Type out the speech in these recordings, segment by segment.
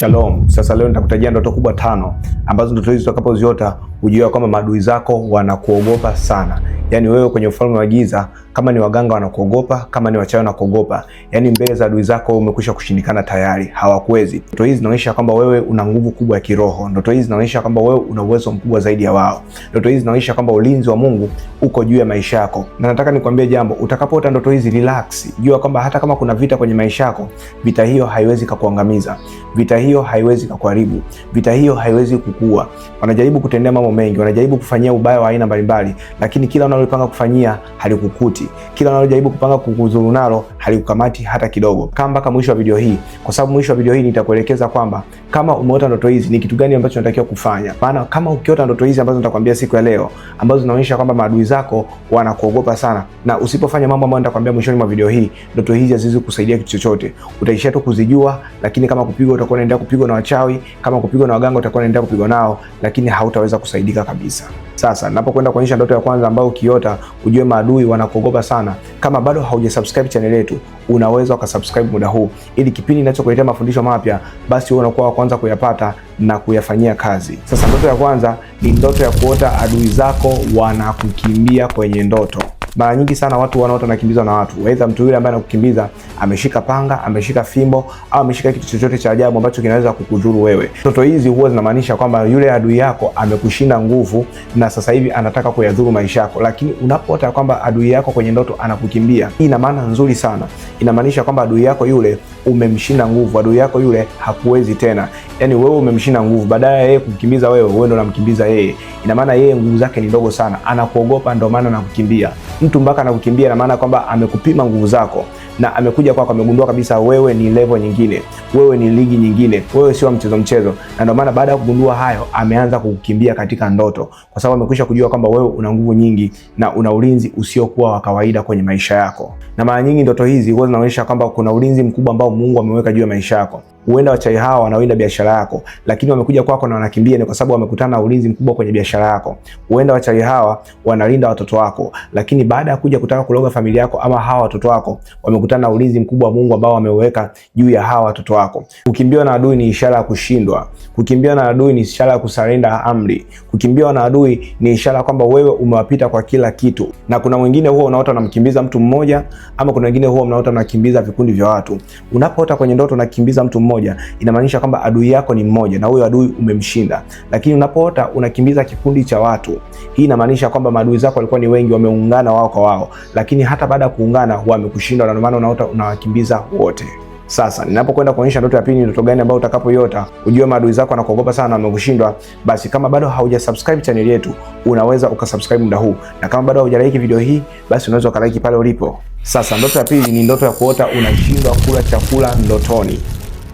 Shalom. Sasa leo nitakutajia ndoto kubwa tano ambazo ndoto hizi utakapoziota ujue kwamba maadui zako wanakuogopa sana. Yaani wewe kwenye ufalme wa giza, kama ni waganga wanakuogopa, kama ni wachawi wanakuogopa, yaani mbele za adui zako umekwisha kushindikana tayari, hawakuwezi. Ndoto hizi zinaonyesha kwamba wewe una nguvu kubwa ya kiroho. Ndoto hizi zinaonyesha kwamba wewe una uwezo mkubwa zaidi ya wao. Ndoto hizi zinaonyesha kwamba ulinzi wa Mungu uko juu ya maisha yako, na nataka nikwambie jambo, utakapoota ndoto hizi relax, jua kwamba hata kama kuna vita kwenye maisha yako, vita hiyo haiwezi kukuangamiza, vita hiyo haiwezi kukuharibu, vita hiyo haiwezi kuku kuua, wanajaribu kutendea mambo mengi, wanajaribu kufanyia ubaya wa aina mbalimbali, lakini kila unalopanga kufanyia halikukuti, kila unalojaribu kupanga kukuzuru nalo halikukamati hata kidogo. kama mpaka mwisho wa video hii, kwa sababu mwisho wa video hii nitakuelekeza kwamba kama umeota ndoto hizi ni kitu gani ambacho unatakiwa kufanya. Maana kama ukiota ndoto hizi ambazo nitakwambia siku ya leo, ambazo zinaonyesha kwamba maadui zako wanakuogopa sana, na usipofanya mambo ambayo nitakwambia mwishoni mwa video hii, ndoto hizi haziwezi kusaidia kitu chochote, utaishia tu kuzijua, lakini kama kupigwa utakuwa unaendelea kupigwa na wachawi, kama kupigwa na waganga utakuwa unaendelea kupigwa ulio nao, lakini hautaweza kusaidika kabisa. Sasa napokwenda kuonyesha ndoto ya kwanza ambayo ukiota, ujue maadui wanakuogopa sana. Kama bado haujasubscribe channel yetu, unaweza ukasubscribe muda huu, ili kipindi ninachokuletea mafundisho mapya, basi wewe unakuwa wa kwanza kuyapata na kuyafanyia kazi. Sasa ndoto ya kwanza ni ndoto ya kuota adui zako wanakukimbia kwenye ndoto. Mara nyingi sana watu wanaota wanakimbizwa na watu, aidha mtu yule ambaye anakukimbiza ameshika panga, ameshika fimbo au ameshika kitu chochote cha ajabu ambacho kinaweza kukudhuru wewe. Ndoto hizi huwa zinamaanisha kwamba yule adui yako amekushinda nguvu na sasa hivi anataka kuyadhuru maisha yako, lakini unapoota kwamba adui yako kwenye ndoto anakukimbia, hii ina maana nzuri sana. Inamaanisha kwamba adui yako yule umemshinda nguvu, adui yako yule hakuwezi tena, yani wewe umemshinda nguvu. Badala ya yeye kukimbiza wewe, wewe ndo unamkimbiza yeye. Ina maana yeye nguvu zake ni ndogo sana, anakuogopa, ndo maana anakukimbia mtu mpaka anakukimbia, na maana kwamba amekupima nguvu zako na amekuja kwako, amegundua kabisa wewe ni level nyingine, wewe ni ligi nyingine, wewe sio mchezo mchezo. Na ndio maana baada ya kugundua hayo, ameanza kukukimbia katika ndoto, kwa sababu amekwisha kujua kwamba wewe una nguvu nyingi na una ulinzi usiokuwa wa kawaida kwenye maisha yako. Na mara nyingi ndoto hizi huwa zinaonyesha kwamba kuna ulinzi mkubwa ambao Mungu ameweka juu ya maisha yako. Huenda wachai hawa wanaoinda biashara yako, lakini wamekuja kwako na wanakimbia, ni kwa sababu wamekutana na ulinzi mkubwa kwenye biashara yako. Huenda wachai hawa wanalinda watoto wako, lakini baada ya kuja kutaka kuloga familia yako ama hawa watoto wako, wamekutana na ulinzi mkubwa wa Mungu ambao wameweka juu ya hawa watoto wako. Kukimbia na adui ni ishara ya kushindwa. Kukimbia na adui ni ishara ya kusalenda amri. Kukimbia na adui ni ishara kwamba wewe umewapita kwa kila kitu. Na kuna mwingine huwa unaota unamkimbiza mtu mmoja, ama kuna wengine huwa mnaota unakimbiza vikundi vya watu. Unapoota kwenye ndoto unakimbiza mtu mmoja mmoja, inamaanisha kwamba adui yako ni mmoja na huyo adui umemshinda. Lakini unapoota unakimbiza kikundi cha watu, hii inamaanisha kwamba maadui zako walikuwa ni wengi, wameungana wao kwa wao, lakini hata baada ya kuungana wamekushinda, na ndio maana unaota unawakimbiza wote. Sasa ninapokwenda kuonyesha ndoto ya pili, ndoto gani ambayo utakapoiota ujue maadui zako wanakuogopa sana na wamekushindwa, basi kama bado haujasubscribe channel yetu unaweza ukasubscribe muda huu, na kama bado haujalaiki video hii, basi unaweza ukalike pale ulipo. Sasa ndoto ya pili ni ndoto ya kuota unashindwa kula chakula ndotoni.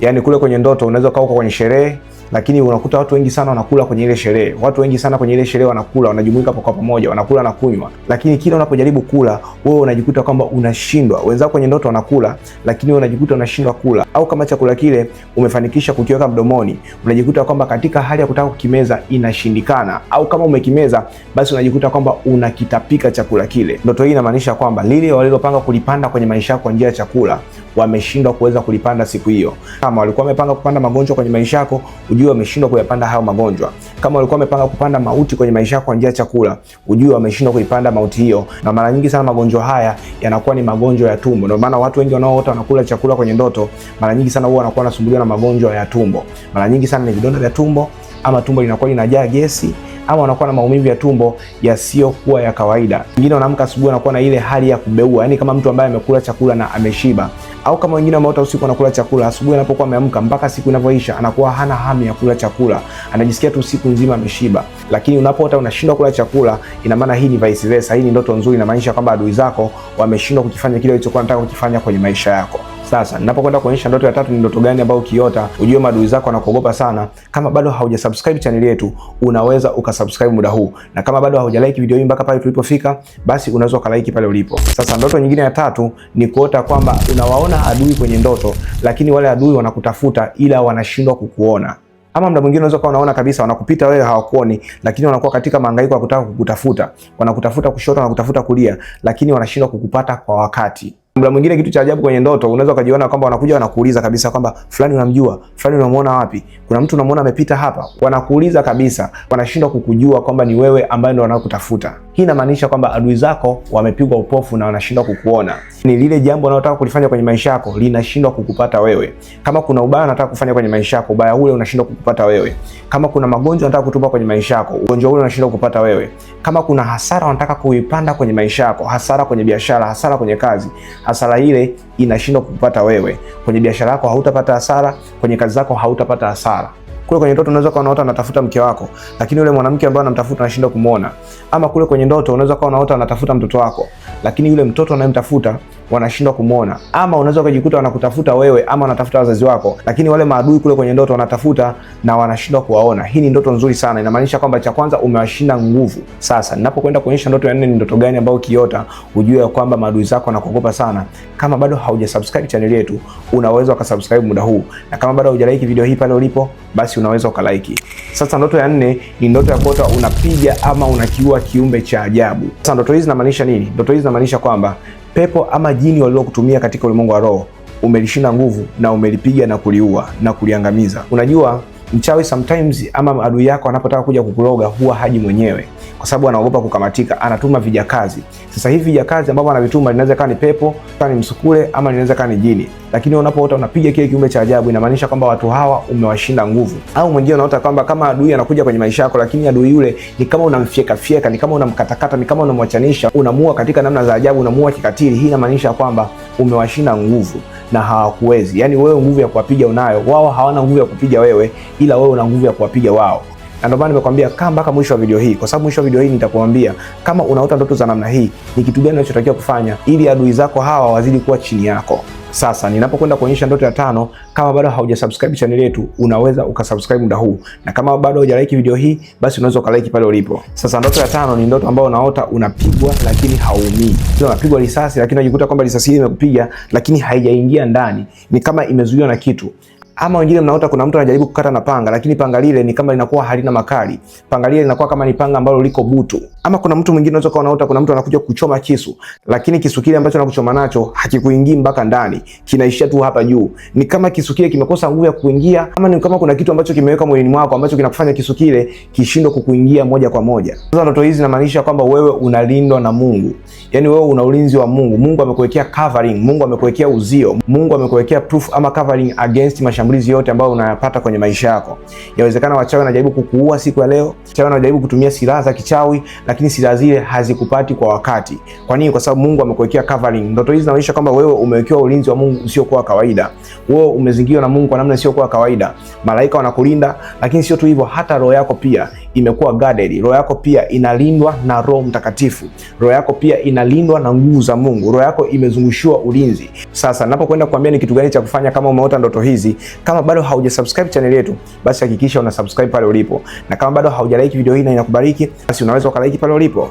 Yaani kule kwenye ndoto unaweza ukaa uko kwenye sherehe lakini unakuta watu wengi sana wanakula kwenye ile sherehe, watu wengi sana kwenye ile sherehe wanakula, wanajumuika kwa pamoja, wanakula na kunywa, lakini kila unapojaribu kula wewe unajikuta kwamba unashindwa. Wenzao kwenye ndoto wanakula, lakini wewe unajikuta unashindwa kula, au kama chakula kile umefanikisha kukiweka mdomoni, unajikuta kwamba katika hali ya kutaka kukimeza inashindikana, au kama umekimeza, basi unajikuta kwamba unakitapika chakula kile. Ndoto hii inamaanisha kwamba lile walilopanga kulipanda kwenye maisha yako kwa njia ya chakula wameshindwa kuweza kulipanda siku hiyo. Kama walikuwa wamepanga kupanda magonjwa kwenye maisha yako ujue wameshindwa kuyapanda hayo magonjwa. Kama walikuwa wamepanga kupanda mauti kwenye maisha yako kwa njia ya chakula, ujue wameshindwa kuipanda mauti hiyo. Na mara nyingi sana magonjwa haya yanakuwa ni magonjwa ya tumbo. Ndio maana watu wengi wanaoota wanakula chakula kwenye ndoto, mara nyingi sana huwa wanakuwa wanasumbuliwa na magonjwa ya tumbo. Mara nyingi sana ni vidonda vya tumbo, ama tumbo linakuwa linajaa gesi ama wanakuwa na maumivu ya tumbo yasiyokuwa ya kawaida. Wengine wanaamka asubuhi wanakuwa na ile hali ya kubeua, yaani kama mtu ambaye amekula chakula na ameshiba au kama wengine ambao usiku anakula chakula, asubuhi anapokuwa ameamka mpaka siku inavyoisha anakuwa hana hamu ya kula chakula, anajisikia tu siku nzima ameshiba. Lakini unapoota unashindwa kula chakula, ina maana hii ni vice versa, hii ni ndoto nzuri, inamaanisha kwamba adui zako wameshindwa kukifanya kile walichokuwa wanataka kukifanya kwenye maisha yako. Sasa ninapokwenda kuonyesha ndoto ya tatu ni ndoto gani ambayo ukiota ujue maadui zako wanakuogopa sana. Kama bado haujasubscribe channel yetu, unaweza ukasubscribe muda huu, na kama bado haujalike video hii mpaka pale tulipofika, basi unaweza ukalike pale ulipo. Sasa ndoto nyingine ya tatu ni kuota kwamba unawaona adui kwenye ndoto, lakini wale adui wanakutafuta ila wanashindwa kukuona ama mda mwingine unaweza kuwa unaona kabisa wanakupita wewe, hawakuoni, lakini wanakuwa katika mahangaiko ya kutaka kukutafuta. Wanakutafuta kushoto, wanakutafuta kulia, lakini wanashindwa kukupata kwa wakati. Muda mwingine kitu cha ajabu kwenye ndoto unaweza ukajiona kwamba wanakuja wanakuuliza kabisa kwamba fulani unamjua, fulani unamuona wapi, kuna mtu unamuona amepita hapa. Wanakuuliza kabisa, wanashindwa kukujua kwamba ni wewe ambaye ndo wanakutafuta. Hii inamaanisha kwamba adui zako wamepigwa upofu na wanashindwa kukuona. Ni lile jambo unalotaka kulifanya kwenye maisha yako linashindwa kukupata wewe. Kama kuna ubaya unataka kufanya kwenye maisha yako, ubaya ule unashindwa kukupata wewe. Kama kuna magonjwa unataka kutupa kwenye maisha yako, ugonjwa ule unashindwa kukupata wewe. Kama kuna hasara unataka kuipanda kwenye maisha yako, hasara kwenye biashara, hasara kwenye kazi, hasara ile inashindwa kukupata wewe. Kwenye biashara yako hautapata hasara, kwenye kazi zako hautapata hasara. Kule kwenye ndoto unaweza kuwa unaota anatafuta mke wako, lakini yule mwanamke ambaye anamtafuta anashindwa kumuona. Ama kule kwenye ndoto unaweza kuwa unaota anatafuta mtoto wako, lakini yule mtoto anayemtafuta wanashindwa kumwona, ama unaweza ukajikuta wanakutafuta wewe ama wanatafuta wazazi wako, lakini wale maadui kule kwenye ndoto wanatafuta na wanashindwa kuwaona. Hii ni ndoto nzuri sana, inamaanisha kwamba cha kwanza umewashinda nguvu. Sasa ninapokwenda kuonyesha ndoto ya nne, ni ndoto gani ambayo ukiota ujue kwamba maadui zako wanakuogopa sana. Kama bado haujasubscribe channel yetu, unaweza ukasubscribe muda huu, na kama bado haujalike video hii pale ulipo, basi unaweza ukalaiki. Sasa ndoto ya nne ni ndoto ya kuota unapiga ama unakiua kiumbe cha ajabu. Sasa ndoto hizi zinamaanisha nini? Ndoto hizi zinamaanisha kwamba pepo ama jini waliokutumia katika ulimwengu wa roho umelishinda nguvu na umelipiga na kuliua na kuliangamiza. Unajua Mchawi sometimes ama adui yako anapotaka kuja kukuroga huwa haji mwenyewe, kwa sababu anaogopa kukamatika, anatuma vijakazi. Sasa hivi vijakazi ambavyo anavituma linaweza kawa ni pepo, kawa ni msukule, ama linaweza kawa ni jini, lakini unapoota unapiga kile kiumbe cha ajabu, inamaanisha kwamba watu hawa umewashinda nguvu. Au mwingine unaota kwamba kama adui anakuja kwenye maisha yako, lakini adui yule ni kama unamfyeka fyeka, ni kama unamkatakata, ni kama unamwachanisha, unamua katika namna za ajabu, unamua kikatili. Hii inamaanisha kwamba umewashinda nguvu na hawakuwezi. Yaani wewe nguvu ya kuwapiga unayo, wao hawana nguvu ya kupiga wewe, ila wewe una nguvu ya kuwapiga wao. Na ndio maana nimekwambia kaa mpaka mwisho wa video hii, kwa sababu mwisho wa video hii nitakwambia kama unaota ndoto za namna hii, ni kitu gani unachotakiwa kufanya ili adui zako hawa wazidi kuwa chini yako. Sasa ninapokwenda kuonyesha ndoto ya tano, kama bado haujasubscribe channel yetu, unaweza ukasubscribe muda huu, na kama bado hujalike video hii, basi unaweza ukalike pale ulipo. Sasa ndoto ya tano ni ndoto ambayo unaota unapigwa lakini hauumii, unapigwa risasi lakini unajikuta kwamba risasi hii imekupiga lakini haijaingia ndani, ni kama imezuiwa na kitu ama wengine mnaota kuna mtu anajaribu kukata na panga, lakini panga lile ni kama linakuwa halina makali. Panga lile linakuwa kama ni panga ambalo liko butu. Ama kuna mtu mwingine unaweza unaota kuna mtu anakuja kuchoma kisu, lakini kisu kile ambacho anakuchoma nacho hakikuingii mpaka ndani, kinaishia tu hapa juu. Ni kama kisu kile kimekosa nguvu ya kuingia, ama ni kama kuna kitu ambacho kimeweka mwilini mwako ambacho kinakufanya kisu kile kishindwe kukuingia moja kwa moja. Sasa ndoto hizi zinamaanisha kwamba wewe unalindwa na Mungu, yani wewe una ulinzi wa Mungu. Mungu amekuwekea covering, Mungu amekuwekea uzio, Mungu amekuwekea proof ama covering against mashambulizi mashambulizi yote ambayo unayapata kwenye maisha yako. Yawezekana wachawi wanajaribu kukuua siku ya leo, wachawi wanajaribu kutumia silaha za kichawi, lakini silaha zile hazikupati kwa wakati. Kwa nini? Kwa sababu Mungu amekuwekea covering. Ndoto hizi zinaonyesha kwamba wewe umewekewa ulinzi wa Mungu usiokuwa kawaida, wewe umezingirwa na Mungu kwa namna isiyokuwa kawaida, malaika wanakulinda. Lakini sio tu hivyo, hata roho yako pia imekuwa guarded. Roho yako pia inalindwa na Roho Mtakatifu, roho yako pia inalindwa na nguvu za Mungu, roho yako imezungushiwa ulinzi. Sasa napokwenda kukuambia ni kitu gani cha kufanya kama umeota ndoto hizi, kama bado haujasubscribe channel yetu, basi hakikisha una subscribe pale ulipo, na kama bado haujalike video hii na inakubariki, basi unaweza ukalike pale ulipo.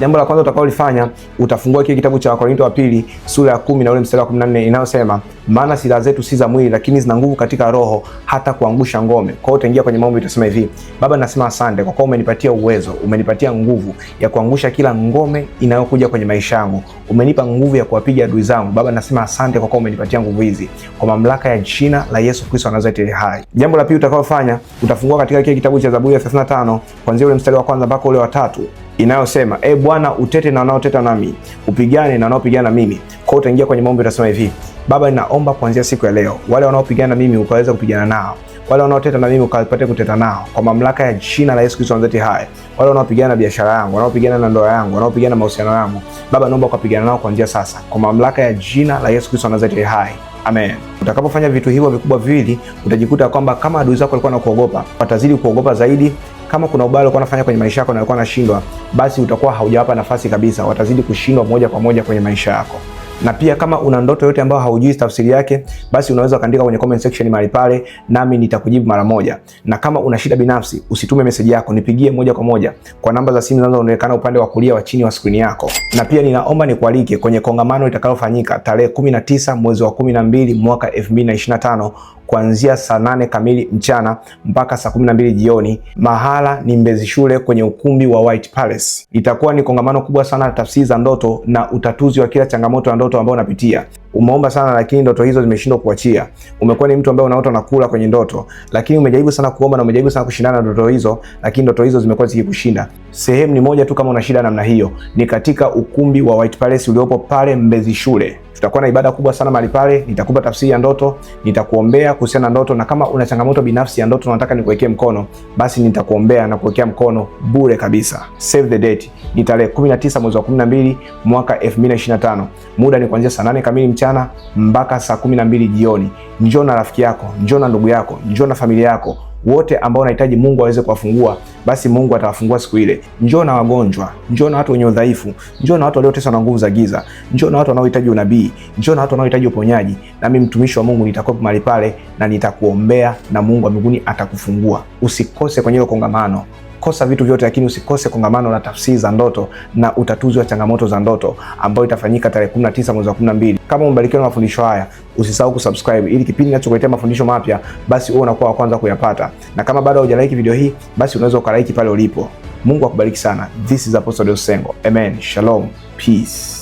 Jambo la kwanza utakalolifanya utafungua kile kitabu cha Wakorintho wa pili sura ya kumi na ule mstari wa 14 inayosema, maana silaha zetu si za mwili, lakini zina nguvu katika roho hata kuangusha ngome. Kwa hiyo utaingia kwenye maombi, utasema hivi: Baba, nasema asante kwa kuwa umenipatia uwezo, umenipatia nguvu ya kuangusha kila ngome inayokuja kwenye maisha yangu, umenipa nguvu ya kuwapiga adui zangu. Baba, nasema asante kwa kuwa umenipatia nguvu hizi, kwa mamlaka ya jina la Yesu Kristo wa Nazareti hai. Jambo la pili utakalofanya utafungua katika kile kitabu cha Zaburi ya 35 kuanzia ule mstari wa kwanza mpaka ule wa tatu inayosema e, Bwana utete na wanaoteta nami, upigane na wanaopigana na mimi. Kwa hiyo utaingia kwenye maombi, utasema hivi: Baba, ninaomba kuanzia siku ya leo, wale wanaopigana na mimi ukaweza kupigana nao, wale wanaoteta na mimi ukapate kuteta nao, kwa mamlaka ya jina la Yesu Kristo nazeti hai. Wale wanaopigana na biashara yangu, wanaopigana na ndoa yangu, wanaopigana na mahusiano yangu, Baba naomba ukapigana nao kuanzia sasa, kwa mamlaka ya jina la Yesu Kristo nazeti hai. Amen. Utakapofanya vitu hivyo vikubwa viwili, utajikuta kwamba kama adui zako alikuwa kuogopa, watazidi kuogopa zaidi kama kuna ubaya ulikuwa anafanya kwenye maisha yako na ulikuwa anashindwa, basi utakuwa haujawapa nafasi kabisa, watazidi kushindwa moja kwa moja kwenye maisha yako na pia kama una ndoto yote ambayo haujui tafsiri yake, basi unaweza kaandika kwenye comment section mahali pale, nami nitakujibu mara moja. Na kama una shida binafsi, usitume message yako, nipigie moja kwa moja kwa namba za simu zinazoonekana upande wa kulia wa chini wa skrini yako. Na pia ninaomba nikualike kwenye kongamano litakalofanyika tarehe 19 mwezi wa 12 mwaka 2025 kuanzia saa nane kamili mchana mpaka saa 12 jioni. Mahala ni Mbezi Shule kwenye ukumbi wa White Palace. Itakuwa ni kongamano kubwa sana la tafsiri za ndoto na utatuzi wa kila changamoto ya ndoto changamoto ambayo unapitia umeomba sana lakini ndoto hizo zimeshindwa kuachia. Umekuwa ni mtu ambaye unaota na kula kwenye ndoto, lakini umejaribu sana kuomba na umejaribu sana kushindana na ndoto hizo, lakini ndoto hizo zimekuwa zikikushinda. Sehemu ni moja tu kama una shida namna hiyo, ni katika ukumbi wa White Palace uliopo pale Mbezi Shule. Tutakuwa na ibada kubwa sana mahali pale, nitakupa tafsiri ya ndoto, nitakuombea kuhusiana na ndoto, na kama una changamoto binafsi ya ndoto unataka nikuwekee mkono, basi nitakuombea na kuwekea mkono bure kabisa. Save the date, ni tarehe 19 mwezi wa 12 mwaka 2025. Muda ni kuanzia saa 8 kamili mchana mpaka saa kumi na mbili jioni. Njoo na rafiki yako, njoo na ndugu yako, njoo na familia yako, wote ambao unahitaji Mungu aweze kuwafungua, basi Mungu atawafungua siku ile. Njoo na wagonjwa, njoo na watu wenye udhaifu, njoo na watu walioteswa na nguvu za giza, njoo na watu wanaohitaji unabii, njoo na watu wanaohitaji uponyaji. Nami mtumishi wa Mungu nitakuwa mahali pale na nitakuombea, na Mungu wa mbinguni atakufungua. Usikose kwenye hilo kongamano kosa vitu vyote, lakini usikose kongamano la tafsiri za ndoto na utatuzi wa changamoto za ndoto ambayo itafanyika tarehe 19 mwezi wa 12. Kama umebarikiwa na mafundisho haya, usisahau kusubscribe ili kipindi ninachokuletea mafundisho mapya basi uwe unakuwa wa kwanza kuyapata, na kama bado haujalike video hii, basi unaweza ukalaiki pale ulipo. Mungu akubariki sana. This is Apostle Deusi Sengo. Amen. Shalom. Peace.